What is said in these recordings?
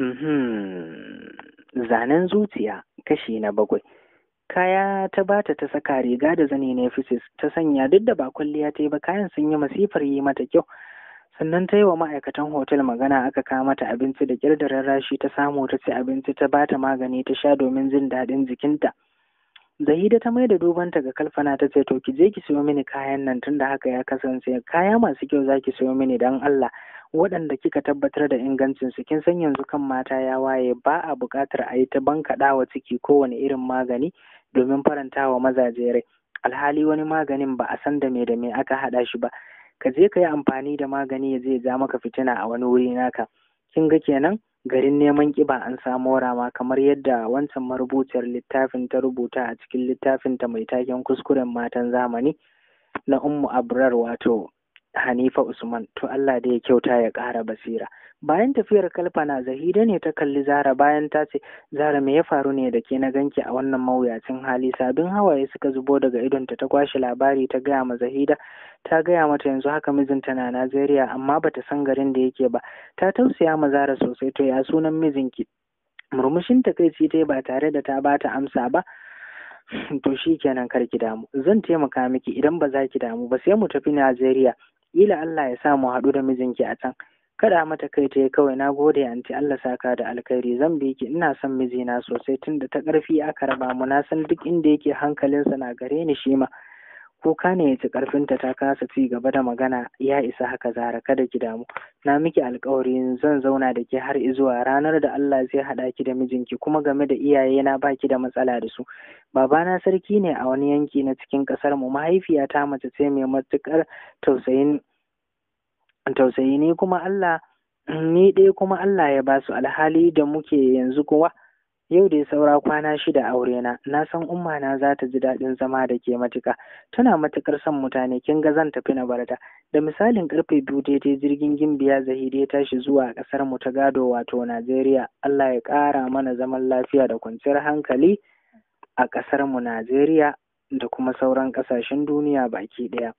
Mhm. Zanen zuciya kashi na bakwai. Kaya ta bata ta saka riga da zani na fisis ta sanya duk da ba kwalliya ta yi ba kayan sun yi masifar yi mata kyau. Sannan ta yi wa ma'aikatan hotel magana aka kawo mata abinci da ƙyar da rarrashi ta samu ta ci abinci ta bata magani ta sha domin jin daɗin jikinta. Zahida ta mai da dubanta ga kalfana ta ce to ki je ki siyo mini kayan nan tunda haka ya kasance kaya masu kyau za ki siyo mini dan Allah waɗanda kika tabbatar da ingancin su kin san yanzu kan mata ya waye ba a buƙatar a yi ta bankaɗawa ciki kowane irin magani domin farantawa mazaje rai alhali wani maganin ba a san da me da me aka haɗa shi ba ka je ka yi amfani da magani ya zai ja maka fitina a wani wuri naka kin ga kenan garin neman ƙiba an samo rama kamar yadda wancan marubuciyar littafin ta rubuta a cikin littafin ta mai taken kuskuren matan zamani na ummu abrar wato hanifa usman to allah da ya kyauta ya ƙara basira bayan tafiyar kalfa kalfana zahida ne ta kalli zara bayan ta ce zara mai ya faru ne da ke na ganki a wannan mawuyacin hali sabbin hawaye suka zubo daga idonta ta kwashe labari ta gaya ma zahida ta gaya mata yanzu haka mijinta na najeriya amma bata san garin da yake ba ta tausaya ma zara sosai to ya sunan mijinki murmushin takaici ta ba tare da ta bata amsa ba to shi kenan kar ki damu zan taimaka miki idan ba za ki damu ba sai mu tafi najeriya ila allah ya sa mu haɗu da mijinki a can kada mata kai ta kawai na gode anti Allah saka da alkhairi zan bi ki ina son mijina sosai tun da ta karfi aka raba mu na san duk inda yake hankalinsa na gare ni shi ma kuka ne ya ci ƙarfinta ta kasa ci gaba da magana ya isa haka zara kada ki damu na miki alkawari zan zauna da ke har izuwa ranar da Allah zai haɗa ki da mijinki kuma game da iyaye na ki da matsala da su babana sarki ne a wani yanki na cikin ƙasar mu mahaifiyata mace ce mai matuƙar tausayin tausayi ni kuma Allah ni ɗaya kuma Allah ya ba su alhali da muke yanzu kuwa yau dai saura kwana shida aure na na san umma na za ta ji daɗin zama da ke matuka tana matukar son mutane kin ga zan tafi na barata. da misalin karfe biyu daidai jirgin gimbiya zahiri ya tashi zuwa ƙasar mu ta gado wato Najeriya Allah ya ƙara mana zaman lafiya da kwanciyar hankali a ƙasar mu Najeriya da kuma sauran ƙasashen duniya baki ɗaya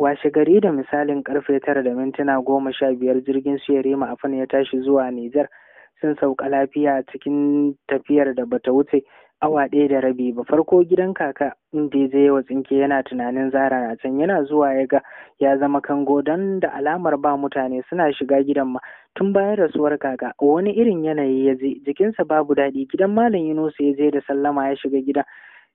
washe gari da misalin karfe tara da mintuna goma sha biyar jirgin su yarima afan ya tashi zuwa nijar sun sauka lafiya cikin tafiyar da bata wuce awa ɗaya da rabi ba farko gidan kaka inda ya yi wa tsinke yana tunanin zara na can yana zuwa ya ga ya zama kango don da alamar ba mutane suna shiga gidan ma tun bayan rasuwar kaka wani irin yanayi ya je jikinsa babu daɗi gidan malam yunusu ya je da sallama ya shiga gidan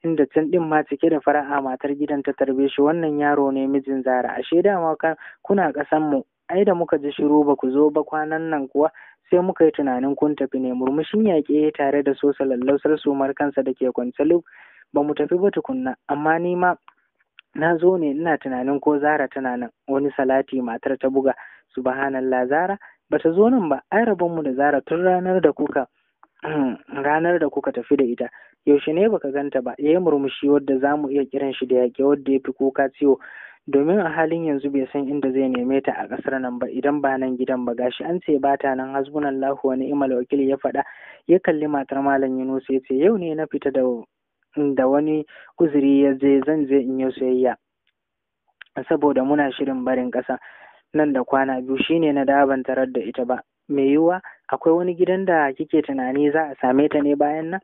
inda can ɗin ma cike da fara'a matar gidan ta tarbe shi wannan yaro ne mijin zara ashe dama kuna ƙasan mu ai da muka ji shiru ba ku zo ba kwanan nan kuwa sai muka yi tunanin kun tafi ne murmushin yaƙe tare da sosa lallausar sumar kansa da ke kwance ba mu tafi ba tukunna amma ni ma na zo ne ina tunanin ko zara tana nan wani salati matar ta buga subhanallah zara bata zo nan ba ai mu da zara tun ranar da kuka ranar da kuka tafi da ita yaushe ne baka ganta ba ya yi murmushi wadda za mu iya kiran shi da yaƙi wadda ya fi kuka ciwo domin a halin yanzu bai san inda zai neme ta a ƙasar nan ba idan ba nan gidan ba gashi an ce ba ta nan hasbunan lahu wani imal wakil ya faɗa ya kalli matar malam yunus ya ce yau ne na fita da da wani uzuri ya je zan je in yi soyayya saboda muna shirin barin ƙasa nan da kwana biyu shine na daban tarar da ita ba Me yiwuwa akwai wani gidan da kike tunani za a same ta ne bayan nan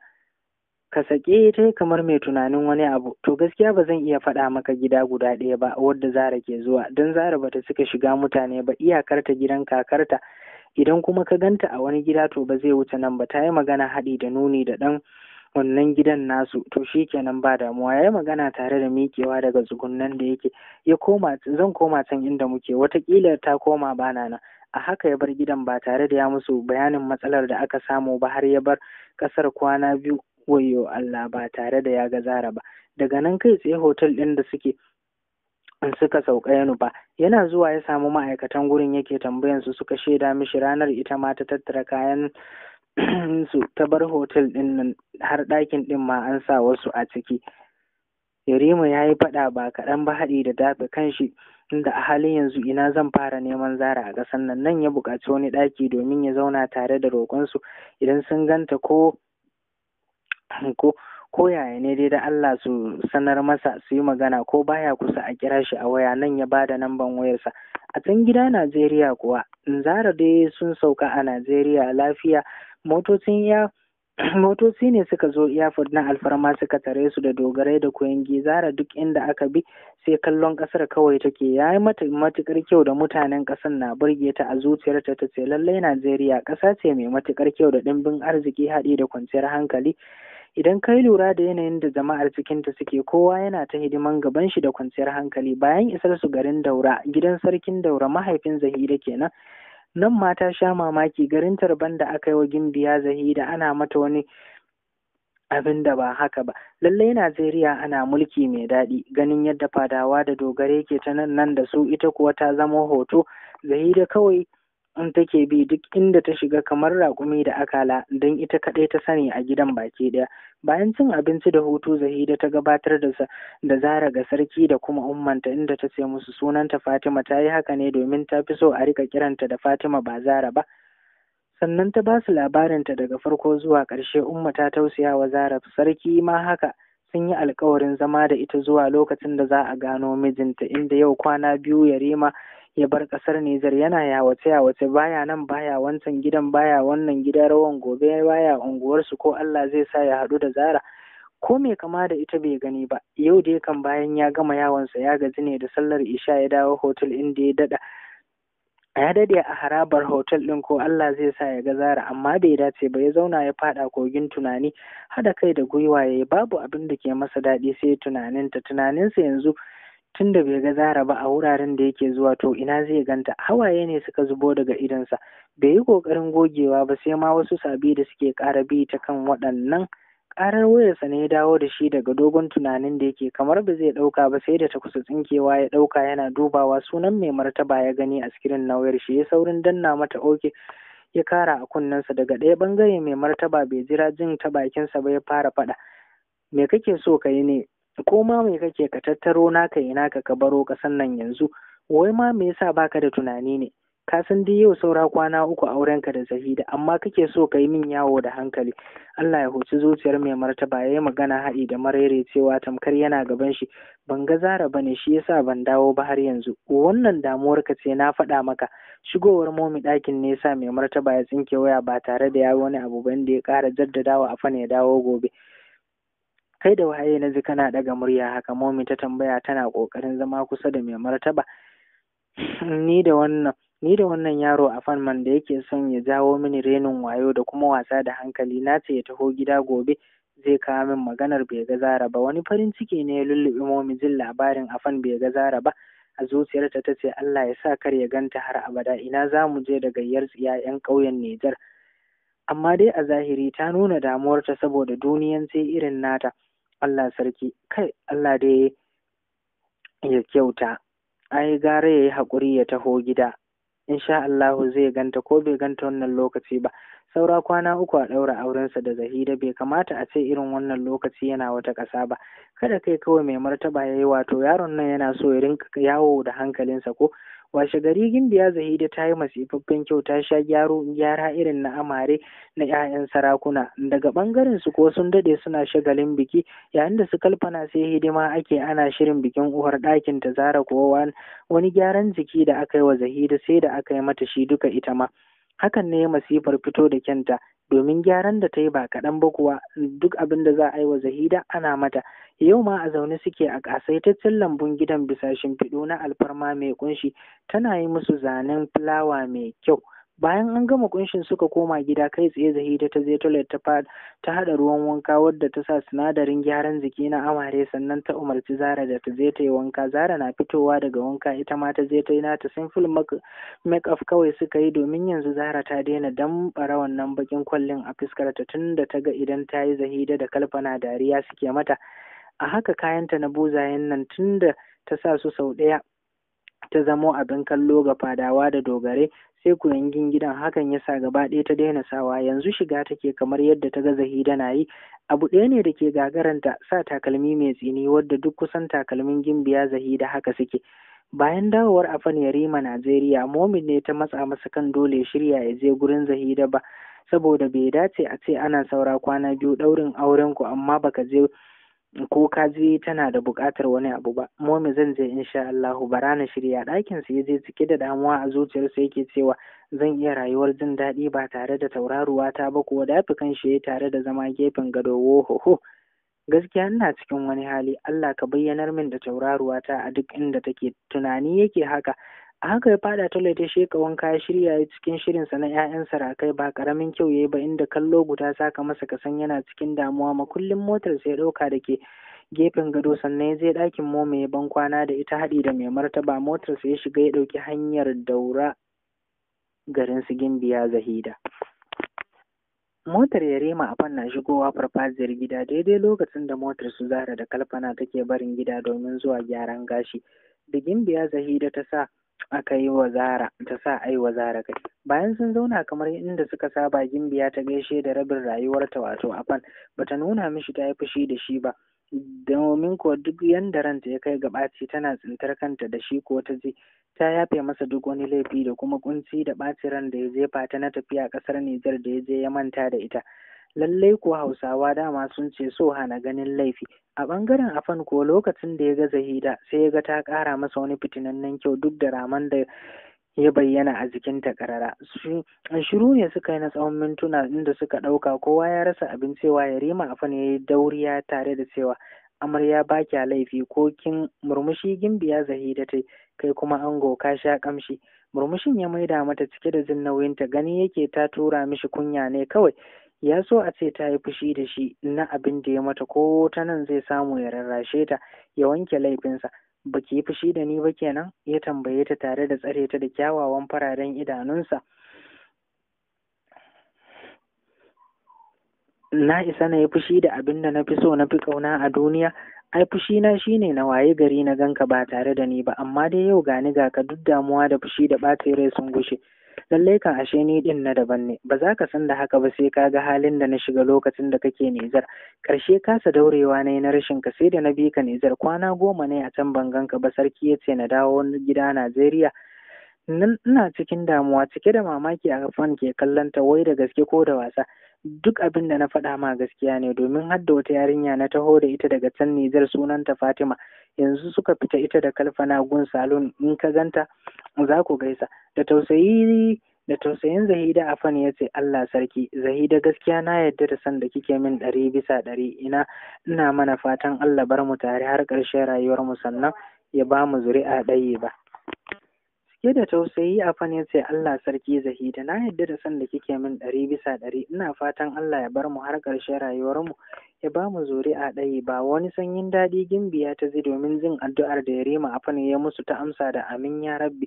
ka sake ta kamar mai tunanin wani abu to gaskiya ba zan iya faɗa maka gida guda ɗaya ba wadda zara ke zuwa don zara bata suka shiga mutane ba iyakarta gidan kakarta idan kuma ka ganta a wani gida to ba zai wuce nan ba ta yi magana haɗi da nuni da ɗan wannan gidan nasu to shi kenan ba damuwa ya yi magana tare da miƙewa daga tsugunnan da yake ya koma zan koma can inda muke watakila ta koma bana nan a haka ya bar gidan ba tare da ya musu bayanin matsalar da aka samu ba har ya bar ƙasar kwana biyu wayo Allah ba tare da ya ga Zara ba daga nan kai tsaye hotel ɗin da suke suka sauka Ya'nu ba, yana zuwa ya samu ma'aikatan gurin yake tambayan su suka shaida mishi ranar ita ma ta tattara kayan su ta bar hotel ɗin nan har ɗakin ɗin ma an sa wasu a ciki Yarima ya yi faɗa ba kaɗan ba haɗi da dafe shi inda a halin yanzu ina zan fara neman Zara a ƙasar nan nan ya buƙaci wani ɗaki domin ya zauna tare da roƙonsu idan sun ganta ko ko ko yaya ne dai da Allah su sanar masa su yi magana ko baya kusa a kira shi a waya nan ya bada namban wayarsa a can gida Najeriya kuwa Zara dai sun sauka a Najeriya lafiya motocin ya motoci ne suka zo iyafur na alfarma suka tare su da dogarai da kuyangi gizara, duk inda aka bi sai kallon kasar kawai take ya yi matukar kyau da mutanen kasar na burge ta a zuciyarta ta ce lallai najeriya ƙasa ce mai matukar kyau da ɗimbin arziki haɗi da kwanciyar hankali idan kai lura da yanayin da jama'ar cikinta suke kowa yana ta hidiman gaban shi da kwanciyar hankali bayan isar su garin daura gidan sarkin daura mahaifin zahira kenan nan mata sha mamaki garin tarban da aka yi wa gimbiya zahida ana mata wani abin da ba haka ba lallai najeriya ana mulki mai daɗi ganin yadda fadawa da dogare ke ta nan nan da su ita kuwa ta zama hoto zahida kawai in take bi duk inda ta shiga kamar raƙumi da akala don ita kaɗai ta sani a gidan baki ɗaya bayan cin abinci da hutu zahida ta gabatar da da zara ga sarki da kuma ummanta inda ta ce musu sunanta fatima ta yi haka ne domin ta fi so a rika kiranta da fatima ba zara ba sannan ta basu labarinta daga farko zuwa ƙarshe umma ta tausaya wa zara sarki ma haka sun yi alkawarin zama da ita zuwa lokacin da za a gano mijinta inda yau kwana biyu yarima ya bar ƙasar Nijar yana yawace yawace baya nan baya wancan gidan baya wannan gidan rawan gobe baya unguwarsu ko Allah zai sa ya haɗu da Zara ko mai kama da ita bai gani ba yau dai kan bayan ya gama yawonsa ya gaji ne da sallar isha ya dawo hotel inda ya dada ya dade a harabar hotel din ko Allah zai sa ya ga zara amma bai dace ba ya zauna ya fada kogin tunani hada kai da gwiwa yayi babu abin da ke masa daɗi sai tunanin ta, tunaninsa yanzu Tunda da bai ga zara ba a wuraren da yake zuwa to ina zai ganta hawaye ne suka zubo daga idonsa bai yi kokarin gogewa ba sai ma wasu sabi da suke ƙara bi ta kan waɗannan ƙarar wayarsa ne ya dawo da shi daga dogon tunanin da yake kamar ba zai ɗauka ba sai da ta kusa tsinkewa ya ɗauka yana dubawa sunan mai martaba ya gani a sikirin na shi ya saurin danna mata oke ya kara a kunnensa daga ɗaya bangare mai martaba bai jira jin ta bakinsa ba ya fara faɗa me kake so ka yi ne ko ma me kake ka tattaro naka ina ka ka baro kasan nan yanzu wai ma me yasa baka da tunani ne ka san dai yau saura kwana uku aurenka da Zahida amma kake so ka yi min yawo da hankali Allah ya huci zuciyar mai martaba yayi magana haɗi da marere cewa tamkar yana gaban shi ban ga zara bane shi yasa ban dawo ba har yanzu wannan damuwar ka ce na faɗa maka shigowar momi ɗakin ne yasa mai martaba ya tsinke waya ba tare da ya wani abu ban da ya ƙara jaddadawa a fana ya dawo gobe kai da waye na ji kana daga murya haka momi ta tambaya tana kokarin zama kusa da mai martaba ni da wannan ni da wannan yaro a fanman da yake son ya jawo mini renin wayo da kuma wasa da hankali na ce ya taho gida gobe zai kawo min maganar bai ga zara ba wani farin ciki ne ya lullube momi jin labarin a fan bai ga zara ba a zuciyarta ta ce Allah ya sa kar ya ganta har abada ina za mu je da gayyar tsiya 'yan ƙauyen Nijar amma dai a zahiri ta nuna damuwarta saboda duniyan sai irin nata Allah sarki kai Allah dai ya kyauta ai gara ya yi haƙuri ya taho gida insha Allahu zai ganta ko bai ganta wannan lokaci ba saura kwana uku a ɗaura aurensa da zahira bai kamata a ce irin wannan lokaci yana wata ƙasa ba kada kai kawai mai martaba yayi wato yaron nan yana so ya rinka yawo da hankalinsa ko washe gari gimbiya zahida ta yi masifaffen kyau ta sha gyaro gyara irin na amare na 'ya'yan sarakuna daga ɓangaren su ko sun dade suna shagalin biki yayin da su kalfana sai hidima ake ana shirin bikin uwar ɗakin ta zara kowa wani gyaran jiki da aka yi wa zahidi sai da aka yi mata shi duka ita ma hakan ne masifar fito da kyanta domin gyaran da ta yi ba kaɗan ba kuwa duk abin da za a yi wa zahida ana mata yau ma a zaune suke a ƙasaitaccen lambun gidan bisa shimfiɗo na alfarma mai ƙunshi tana yi musu zanen fulawa mai kyau bayan an gama kunshin suka koma gida kai tsaye zahida ta je toilet ta fad ta hada ruwan wanka wadda ta sa sinadarin gyaran jiki na amare sannan ta umarci zara da ta je ta yi wanka zara na fitowa daga wanka ita ma ta je ta yi nata simple make up kawai suka yi domin yanzu zara ta daina dambara wannan bakin kwallin a fuskar ta tun ta ga idan ta yi zahida da kalfana dariya suke mata a haka kayanta na buzayen nan tunda da ta sa su sau ɗaya ta zamo abin kallo ga fadawa da dogare sai ku kuyangin gidan hakan ya sa gaba ɗaya ta daina sawa yanzu shiga take kamar yadda ta ga zahida na yi abu ɗaya ne da ke gagaranta sa takalmi mai tsini wadda duk kusan takalmin gimbiya zahida haka suke bayan dawowar afan yarima najeriya momin ne ta matsa masa kan dole shirya ya je gurin zahida ba saboda bai dace a ce ana saura kwana biyu ɗaurin aurenku amma baka je ko ka je tana da buƙatar wani abu ba momi zan je insha Allahu bara na shirya ɗakin ya je cike da damuwa a zuciyarsa yake cewa zan iya rayuwar jin daɗi ba tare da tauraruwa ta ba ko dafi kan shi tare da zama gefen gado wohoho gaskiya ina cikin wani hali Allah ka bayyanar min da tauraruwa ta a duk inda take tunani yake haka A haka ya faɗa toilet ta sheka wanka ya shirya ya cikin shirin sa na 'ya'yan sarakai ba ƙaramin kyau ya yi ba inda kallo guda saka masa kasan yana cikin damuwa ma kullum motarsa ya ɗauka da ke gefen gado sannan ya je ɗakin mome ya ban kwana da ita haɗi da mai martaba motarsa ya shiga ya ɗauki hanyar daura garin su gimbiya zahida. Motar Yarima a fanna shigowa farfajiyar gida daidai lokacin da motar su zara da Kalfana take barin gida domin zuwa gyaran gashi. Da gimbiya Zahida ta sa aka yi wa Zara ta sa ai wa Zara kai bayan sun zauna kamar inda suka saba gimbiya ta gaishe da rabin rayuwarta wato afan bata nuna mishi ta yi fushi da shi ba domin ko duk yanda ranta ya kai gabaci tana tsintar kanta da shi ko ta je ta yafe masa duk wani laifi da kuma kunci da ɓacin ran da ya jefa ta na tafiya ƙasar Nijar da ya je ya manta da ita lallai kuwa hausawa dama sun ce so hana ganin laifi a ɓangaren afan ko lokacin da ya ga zahida sai ya ga ta kara masa wani fitinannen kyau duk da raman da ya bayyana a jikin ta karara shiru ne suka yi na tsawon mintuna inda suka ɗauka kowa ya rasa abin cewa ya rima afan ya yi dauriya tare da cewa amarya ba kya laifi ko kin murmushi gimbiya zahida ta kai kuma ango ka sha kamshi murmushin ya maida mata cike da jin nauyinta gani yake ta tura mishi kunya ne kawai ya so a ce ta yi fushi da shi na abin da ya mata ko ta nan zai samu ya rarrashe ta ya wanke laifinsa ba ki yi fushi da ni ba kenan ya tambaye ta tare da tsare ta da kyawawan fararen idanunsa na isa na yi fushi da abin da na fi so na fi ƙauna a duniya ai fushi na shine na waye gari na ganka ba tare da ni ba amma dai yau gani ga ka duk damuwa da fushi da ɓata rai sun gushe lallai kan ashe ni din na daban ne ba za ka san da haka ba sai ka ga halin da na shiga lokacin da kake nizar. karshe kasa daurewa ne na rashin ka sai da na bi ka Nijar kwana goma ne a can bangan ka ba sarki ya ce na dawo gida Najeriya nan ina cikin damuwa cike da mamaki a fan ke kallon ta wai da gaske ko da wasa duk abin da na faɗa ma gaskiya ne domin har wata yarinya na taho da ita daga can nizar sunanta Fatima yanzu suka fita ita da kalfana gun salon in ka ganta za ku gaisa da tausayi da tausayin zahida afan ya ce allah sarki zahida gaskiya na yadda da san da kike min ɗari bisa ɗari ina ina mana fatan allah bar mu tare har ƙarshen rayuwar mu sannan ya ba mu zuri'a ɗaye ba ke da tausayi a afan ya ce allah sarki zahida na yadda da san da kike min ɗari bisa ɗari ina fatan allah ya bar mu har ƙarshen rayuwar ya ba mu zuri'a ɗaye ba wani sanyin daɗi gimbiya ta zai domin jin addu'ar da ya rima a fani ya musu ta amsa da amin ya rabbi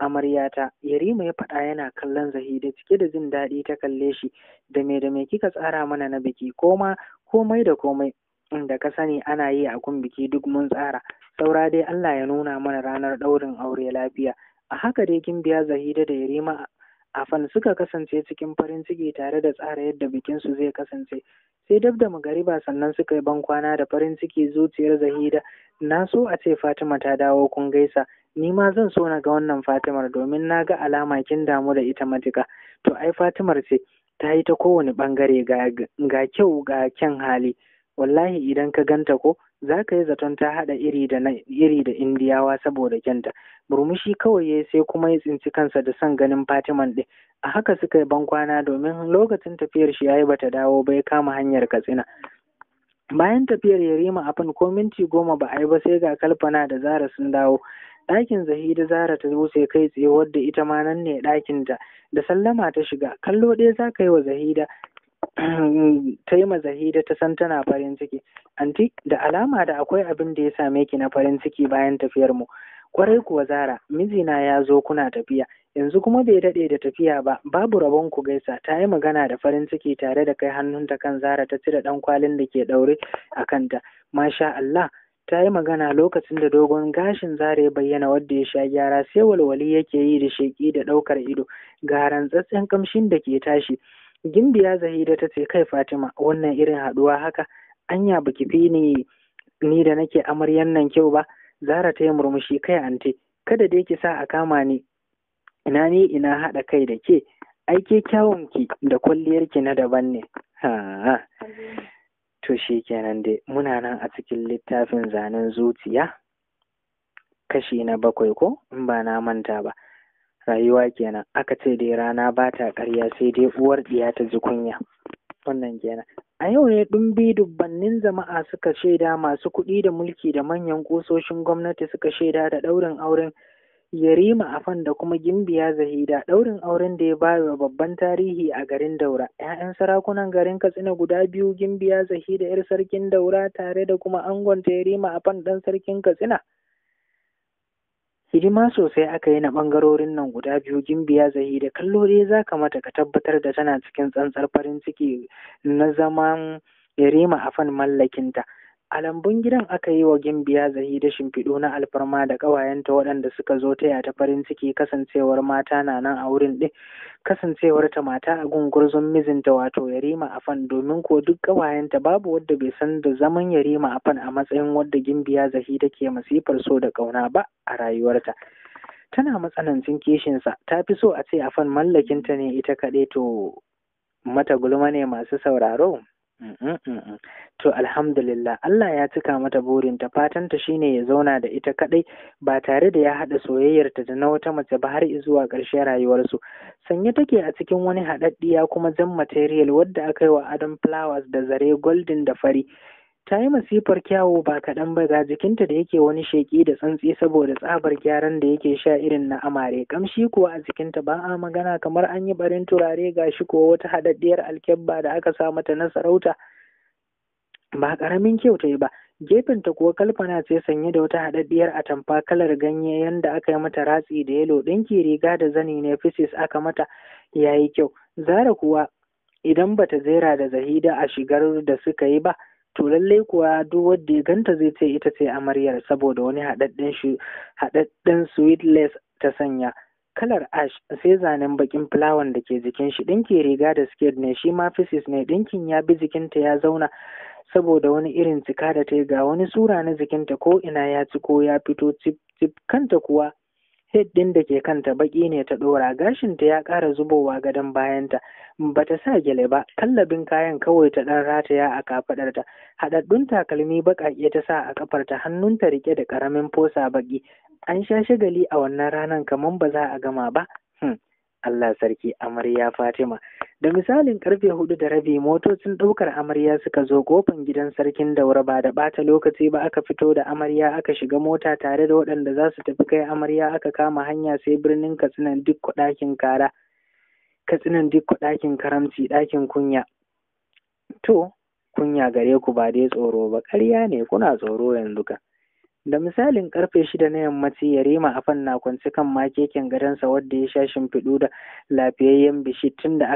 amaryata yarima ya faɗa yana kallon zahida cike da jin daɗi ta kalle shi da me da me kika tsara mana na biki koma komai da komai Inda ka sani ana yi a kun biki duk mun tsara saura dai Allah ya nuna mana ranar ɗaurin aure lafiya a haka dai kin biya zahida da yarima Afan suka kasance cikin farin ciki tare da tsara yadda bikin su zai kasance. Sai dab da magariba sannan suka yi bankwana da farin ciki zuciyar Zahida. Na so a ce Fatima ta dawo kun gaisa. Ni ma zan so na ga wannan Fatimar domin na ga alama kin damu da ita matuka. To ai Fatimar ce ta yi ta kowane ɓangare ga kyau ga kyan hali. wallahi idan ka ganta ko za ka yi zaton ta haɗa iri da da indiyawa saboda kyanta murmushi kawai ya sai kuma ya tsinci kansa da son ganin fatiman ɗin a haka suka yi bankwana domin lokacin tafiyar shi yayi bata dawo ba ya kama hanyar katsina bayan tafiyar yarima abin ko minti goma ba a yi ba sai ga kalfana da zara sun dawo ɗakin zahida zara ta wuce kai tsaye wadda ita ma nan ne ɗakinta da sallama ta shiga kallo ɗaya za ka yi wa zahida ta yi mazahida ta san tana farin ciki anti da alama da akwai abin da ya same ki na farin ciki bayan tafiyar mu kwarai kuwa zara mijina ya zo kuna tafiya yanzu kuma bai daɗe da tafiya ba babu rabon ku gaisa ta yi magana da farin ciki tare da kai hannunta kan zara ta cire ɗan kwalin da ke ɗaure a kanta masha Allah ta yi magana lokacin da dogon gashin zara ya bayyana wadda ya sha gyara sai walwali yake yi da sheƙi da ɗaukar ido ga rantsatsen ƙamshin da ke tashi Gimbiya Zahida ta ce kai Fatima wannan irin haɗuwa haka anya baki fi ni ni da nake amaryan nan kyau ba Zara ta yi murmushi kai ante kada dai ki sa a kama ni ina ni ina haɗa kai da ke ai ke kyawun ki da kwalliyar ki na daban ne ha to shi kenan dai muna nan a cikin littafin zanen zuciya kashi na bakwai ko in ba na manta ba rayuwa kenan aka ce dai rana ba ta ƙarya sai dai uwar ɗiya ta ji kunya wannan kenan a yau ne ɗumbi dubbannin jama'a suka shaida masu kuɗi da mulki da manyan ƙososhin gwamnati suka shaida da ɗaurin auren Yarima Afan da kuma Gimbiya Zahida ɗaurin auren da ya bayar babban tarihi a garin Daura. 'Ya'yan sarakunan garin Katsina guda biyu Gimbiya Zahida 'yar sarkin Daura tare da kuma angonta Yarima Afan ɗan sarkin Katsina. hidima sosai aka yi na ɓangarorin nan guda biyu gimbiya zahi da kallo dai za ka mata ka tabbatar da tana cikin tsantsar farin ciki na zaman yarima a fan mallakinta A lambun gidan aka yi wa gimbiya Zahida shimfiɗo na alfarma da ƙawayenta waɗanda suka zo taya ta farin ciki kasancewar mata na nan a wurin ɗin, kasancewar ta mata a gungurzun mijinta wato Yarima a fan domin ko duk ƙawayenta babu wadda bai san da zaman Yarima a fan a matsayin wadda gimbiya Zahida ke masifar so da ƙauna ba a rayuwarta. Tana matsanancin kishinsa, ta fi so a ce a fan mallakinta ne ita kaɗai to mata gulma ne masu sauraro. To alhamdulillah Allah ya cika mata burinta fatanta shine ya zauna da ita kadai ba tare da ya haɗa soyayyarta da na wata mace ba har zuwa ƙarshen rayuwarsu. Sanye take a cikin wani haɗaɗɗiya kuma jan material wadda aka yi wa adon flowers da zare golden da fari ta yi masifar kyawu ba kaɗan ba ga jikinta da yake wani sheƙi da tsantsi saboda tsabar gyaran da yake sha irin na amare kamshi kuwa a jikinta ba a magana kamar an yi barin turare ga shi ko wata haɗaɗɗiyar alkyabba da aka sa mata na sarauta ba ƙaramin kyau ta yi ba gefenta kuwa kalfana sai sanye da wata haɗaɗɗiyar atamfa kalar ganye yanda aka yi mata ratsi da yalo ɗinki riga da zani ne fisis aka mata Ya yi kyau zara kuwa idan bata zera da zahida a shigar da suka yi ba to lallai kuwa duk wanda ya ganta zai ce ita ce amaryar saboda wani haɗaɗɗen shi haɗaɗɗen sweetless ta sanya kalar ash sai zanen bakin fulawan da ke jikin shi ɗinki riga da skirt ne shi ma fisis ne ɗinkin ya bi jikinta ya zauna saboda wani irin cika da ta ga wani sura na jikinta ko ina ya ci ko ya fito cip cip kanta kuwa head ɗin da ke kanta baƙi ne ta ɗora gashinta ya ƙara zubowa gadon bayanta ba ta sa gele ba kallabin kayan kawai ta ɗan rataya a kafaɗarta haɗaɗɗun takalmi baƙaƙe ta sa a ƙafarta hannunta riƙe da ƙaramin fosa baƙi an sha shagali a wannan ranar kamar ba za a gama ba hmm. Allah sarki amarya Fatima. Da misalin karfe hudu da rabi motocin ɗaukar amarya suka zo kofan gidan sarkin daura ba da ɓata lokaci ba aka fito da amarya aka shiga mota tare da waɗanda za su tafi kai amarya aka kama hanya sai birnin katsinan duk kuɗakin kara. Katsinan duk kuɗakin karamci ɗakin kunya. To, kunya gare ku ba dai tsoro ba, ƙarya ne kuna tsoro yanzu ka. Da misalin karfe shida na yammaci Yarima a na kwanci kan makeken sa wadda ya sha shimfiɗu da lafiyayyen bishi tun da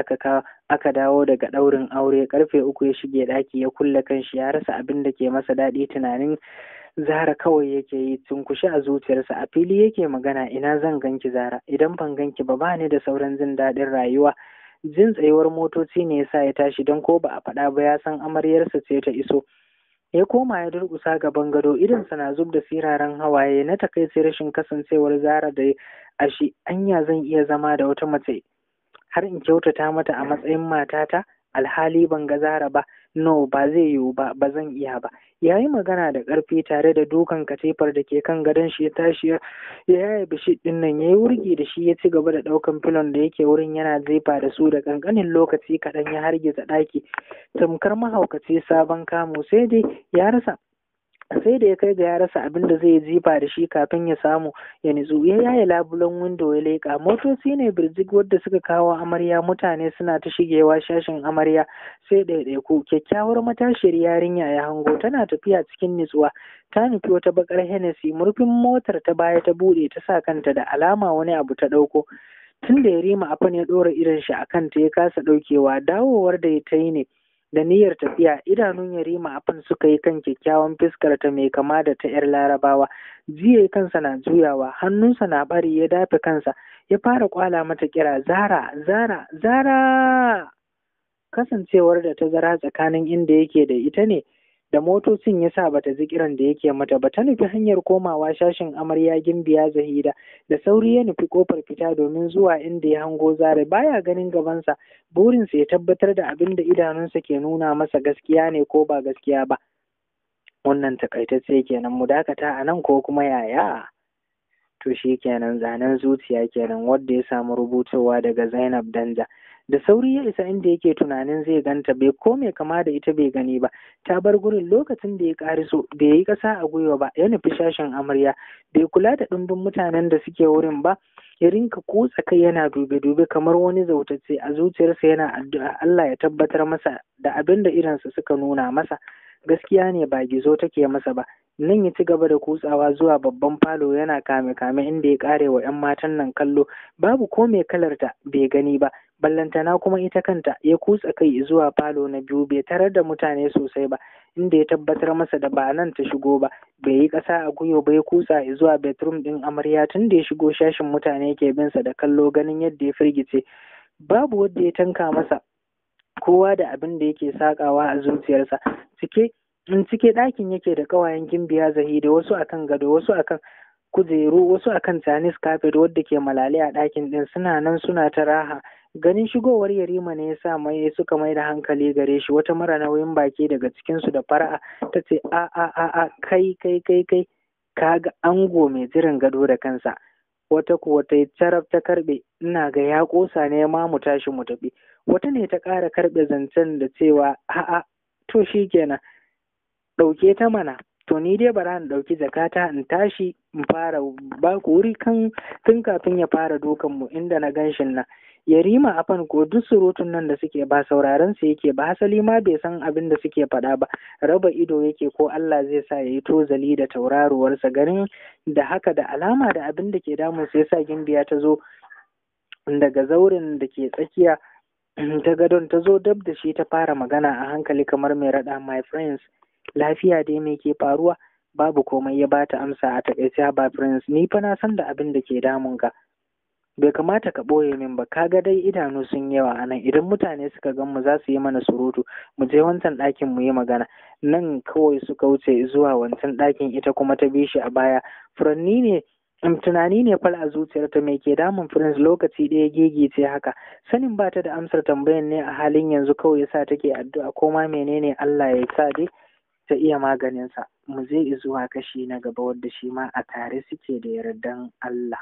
aka dawo daga ɗaurin aure karfe uku ya shige ɗaki ya kulle kan shi ya rasa abin da ke masa daɗi tunanin Zara kawai yake yi tun kushe a zuciyarsa a fili yake magana ina zan ganki Zara idan ban ganki ba ba ni da sauran jin daɗin rayuwa jin tsayuwar motoci ne sa ya tashi don ko ba a faɗa ba ya san amaryarsa ce ta iso ya koma ya durƙusa gaban gado sa na zub da siraran hawaye na takaice rashin kasancewar zara da ashi anya zan iya zama da wata mace har in kyautata mata a matsayin matata alhali ban ga zara ba No, ba zai yiwu ba, ba zan iya ba. Ya yi magana da ƙarfi tare da dukan katifar da ke kan gadon shi ya tashi ya yaya bishit din nan ya yi wurgi da shi ya ci gaba da ɗaukan filon da yake wurin yana zefa da su da ƙanƙanin lokaci kaɗan ya hargiza ɗaki. Tamkar mahaukaci sabon kamu sai dai ya rasa sai da ya kai ga ya rasa abin da zai jifa da shi kafin ya samu ya nitsu ya yaye labulan windo ya leƙa motoci ne birjik wadda suka kawo amarya mutane suna ta shigewa shashin amarya sai ɗaiɗaiku kyakkyawar matashiyar yarinya ya hango tana tafiya cikin nitsuwa ta nufi wata bakar hennessy murfin motar ta baya ta buɗe ta sa kanta da alama wani abu ta ɗauko tun da ya rima afan ya ɗora irin shi a kanta ya kasa ɗaukewa dawowar da ta yi ne da niyyar tafiya idanun yarima a afan suka yi kan kyakkyawan fuskar ta mai kama da ta yar larabawa jiya kansa na juyawa hannunsa na bari ya dafe kansa ya fara kwala mata kira zara zara zara kasancewar da tazara tsakanin inda yake da ita ne da motocin ya sa bata ji kiran da yake mata ba ta nufi hanyar komawa shashin amarya gimbiya zahida da sauri ya nufi kofar fita domin zuwa inda ya hango zare baya ganin gabansa burinsa ya tabbatar da abin da idanunsa ke nuna masa gaskiya ne ko ba gaskiya ba wannan takaitacce kenan mu dakata a nan ko kuma yaya to shi kenan zanen zuciya kenan wanda ya samu rubutowa daga zainab danja da sauri ya isa inda yake tunanin zai ganta bai kome kama da ita bai gani ba ta bar gurin lokacin da ya so bai yi ƙasa a gwiwa ba ya nufi shashin amarya bai kula da ɗumbin mutanen da suke wurin ba ya rinka kutsa kai yana dube-dube kamar wani zautacce a zuciyarsa yana addu'a Allah ya tabbatar masa da abin da irinsa suka nuna masa gaskiya ne ba gizo take masa ba Nan ya ci gaba da kutsawa zuwa babban falo yana kame-kame inda ya kare wa ‘yan matan nan kallo, babu ko mai kalarta bai gani ba, ballantana kuma ita kanta ya kutsa kai zuwa falo na biyu bai tarar da mutane sosai ba, inda ya tabbatar masa da ba nan ta shigo ba, bai yi ƙasa a gwiwa ba ya kutsa zuwa bedroom ɗin amarya tun da ya shigo shashin mutane ke binsa da kallo ganin yadda ya firgice. Babu wanda ya tanka masa kowa da abin da yake sakawa a zuciyarsa cike in cike ɗakin yake da ƙawayen gimbiya zahiri, wasu akan gado wasu akan kujeru wasu akan chinese carpet wadda ke malale a ɗakin ɗin suna nan suna ta raha ganin shigowar yarima ne ya sa mai suka mai da hankali gare shi wata mara nauyin baki daga cikinsu da fara'a ta ce a a a a kai kai kai kai kaga ango mai jiran gado da kansa wata kuwa ta yi taraf ta karɓe ina ga ya ƙosa ne ma mu tashi mu tafi wata ne ta ƙara karɓe zancen da cewa a to shi kenan ɗauke ta mana to ni dai bara in ɗauki zakata in tashi in fara ba ku wuri kan tun kafin ya fara dukan mu inda na ganshin nan yarima afan ko duk surutun nan da suke ba sauraron su yake ba hasali ma bai san abin da suke faɗa ba raba ido yake ko Allah zai sa ya yi tozali da tauraruwarsa garin da haka da alama da abin da ke damun sai sa gimbiya ta zo daga zaurin da ke tsakiya ta gadon ta zo dab da shi ta fara magana a hankali kamar mai raɗa my friends lafiya dai me ke faruwa babu komai ya bata amsa a takaice haba prince ni fa na san da abin da ke damun ka bai kamata ka ɓoye min ba kaga dai idanu sun yawa anan. idan mutane suka gan mu za su yi mana surutu mu je wancan ɗakin mu yi magana nan kawai suka wuce zuwa wancan ɗakin ita kuma ta bi shi a baya furanni ne mm, tunani ne fal a zuciyarta mai ke damun prince lokaci ɗaya ce haka sanin ba ta da amsar tambayan ne a halin yanzu kawai yasa take addu'a ko ma menene Allah ya sa dai ta iya maganinsa, mu je izuwa kashi na gaba wadda shi ma a tare suke da yardan Allah.